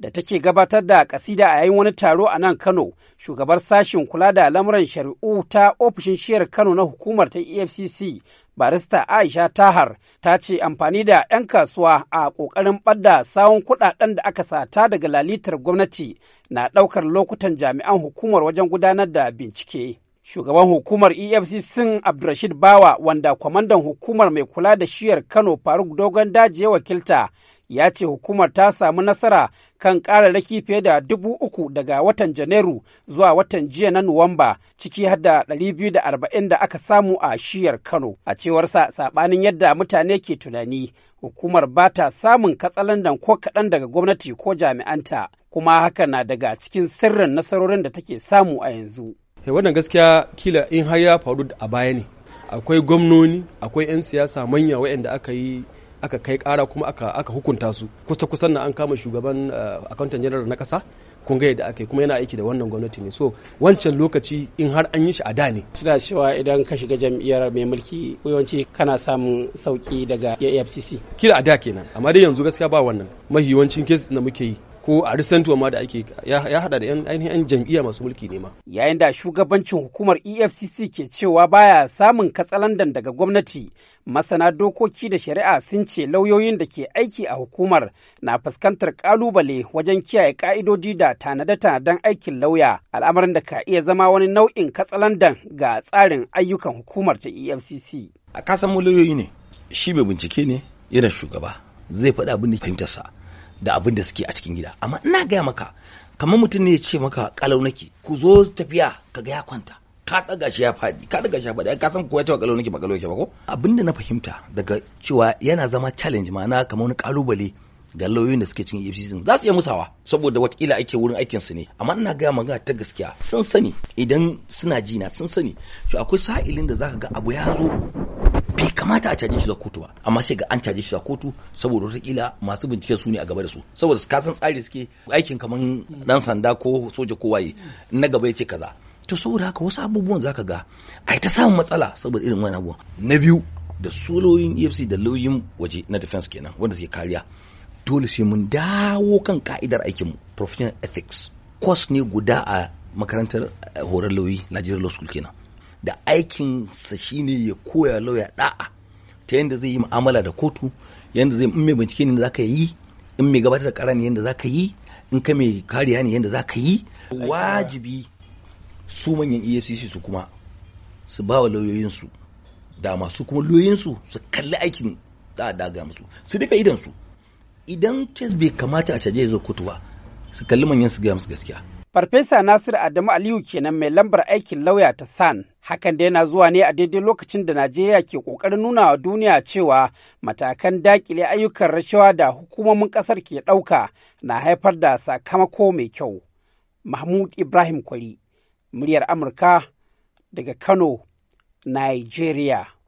da take gabatar da kasida a yayin wani taro a nan Kano, shugabar sashin kula da lamuran shari'u ta ofishin shiyar Kano na hukumar ta EFCC, barista Aisha Tahar, ta ce amfani da 'yan kasuwa a ƙoƙarin ɓadda sawun kuɗaɗen da aka sata daga lalitar gwamnati na ɗaukar lokutan jami'an hukumar wajen gudanar da bincike. shugaban hukumar efcc abdulrashid bawa wanda kwamandan hukumar mai kula da shiyar kano faruk dogon daji ya wakilta ya ce hukumar ta samu nasara kan ƙara raki fiye da dubu uku daga watan janairu zuwa watan jiya na nuwamba ciki har da ɗari biyu da arba'in da aka samu a shiyar kano a cewarsa saɓanin yadda mutane ke tunani hukumar ba ta samun katsalandan ko kaɗan daga gwamnati ko jami'anta kuma haka na daga cikin sirrin nasarorin da take samu a yanzu. Eh, wannan gaskiya kila in har ya faru a baya ne akwai gwamnoni akwai 'yan siyasa manya waɗanda aka yi aka kai kara kuma aka aka hukunta su kusa kusan na an kama shugaban eh, accountant general na kasa kun ga yadda aka kuma yana aiki da wannan gwamnati ne so wancan lokaci in har an yi shi a da ne suna cewa idan ka shiga jam'iyyar mai mulki yawanci kana samun sauki daga AFCC kila a da kenan amma dai yanzu gaskiya ba wannan mahiwancin kes na muke yi ko a risantuwa ma da ake ya hada da ainihin jam'iyya masu mulki ne ma. Yayin da shugabancin hukumar EFCC ke cewa baya samun katsalandan daga gwamnati, masana dokoki da shari'a sun ce lauyoyin da ke aiki a hukumar na fuskantar kalubale wajen kiyaye ka'idodi da tanade-tanaden aikin lauya, al'amarin da ka iya zama wani nau'in katsalandan ga tsarin ayyukan hukumar ta EFCC. A kasan lauyoyi ne, shi mai bincike ne, yana shugaba, zai faɗi abin da fahimtarsa. da abin da suke a cikin gida amma ina gaya maka kamar mutum ne ya ce maka kalau nake ku zo tafiya ka ga ya kwanta ka daga shi ya faɗi ka daga shi ya faɗi ka san ko ya ce kalau nake ba kalau yake ba ko abin da na fahimta daga cewa yana zama challenge ma'ana kamar wani kalubale ga lauyoyin da suke cikin EFCC za su iya musawa saboda watakila ake wurin aikin su ne amma ina gaya magana ta gaskiya sun sani idan suna jina sun sani to akwai sa'ilin da zaka ga abu ya zo bai kamata a caje shi za kotu ba amma sai ga an caje shi za kotu saboda wataƙila masu bincike su ne a gaba da su saboda ka san tsari suke aikin kamar dan sanda ko soja ko waye na gaba ya ce kaza to saboda haka wasu abubuwan za ka ga ai ta samun matsala saboda irin wani abubuwan na biyu da soloyin efc da lauyin waje na defense kenan wanda suke kariya dole sai mun dawo kan ka'idar aikinmu professional ethics course ne guda a makarantar eh, horar lauyi nigeria Law School kenan da aikinsa shine ya koya lauya da'a ta yadda zai yi mu'amala da kotu yadda zai in mai bincike ne za ka yi in mai gabatar da kara ne yadda za ka yi in ka mai kariya ne yadda za ka yi wajibi su manyan efcc su kuma su ba wa lauyoyinsu da masu kuma lauyoyinsu su kalli aikin za a daga musu su rufe idan su idan kes bai kamata a caje ya zo kotu ba su kalli manyan su gaya musu gaskiya Farfesa Nasir Adamu Aliyu kenan mai lambar aikin lauya ta SAN. Hakan da yana zuwa ne a daidai lokacin da Najeriya ke ƙoƙarin nuna wa duniya cewa matakan dakile ayyukan rashawa da hukumomin ƙasar ke ɗauka na haifar da sakamako mai kyau. Mahmud Ibrahim Kwari, muryar Amurka daga Kano, Nigeria.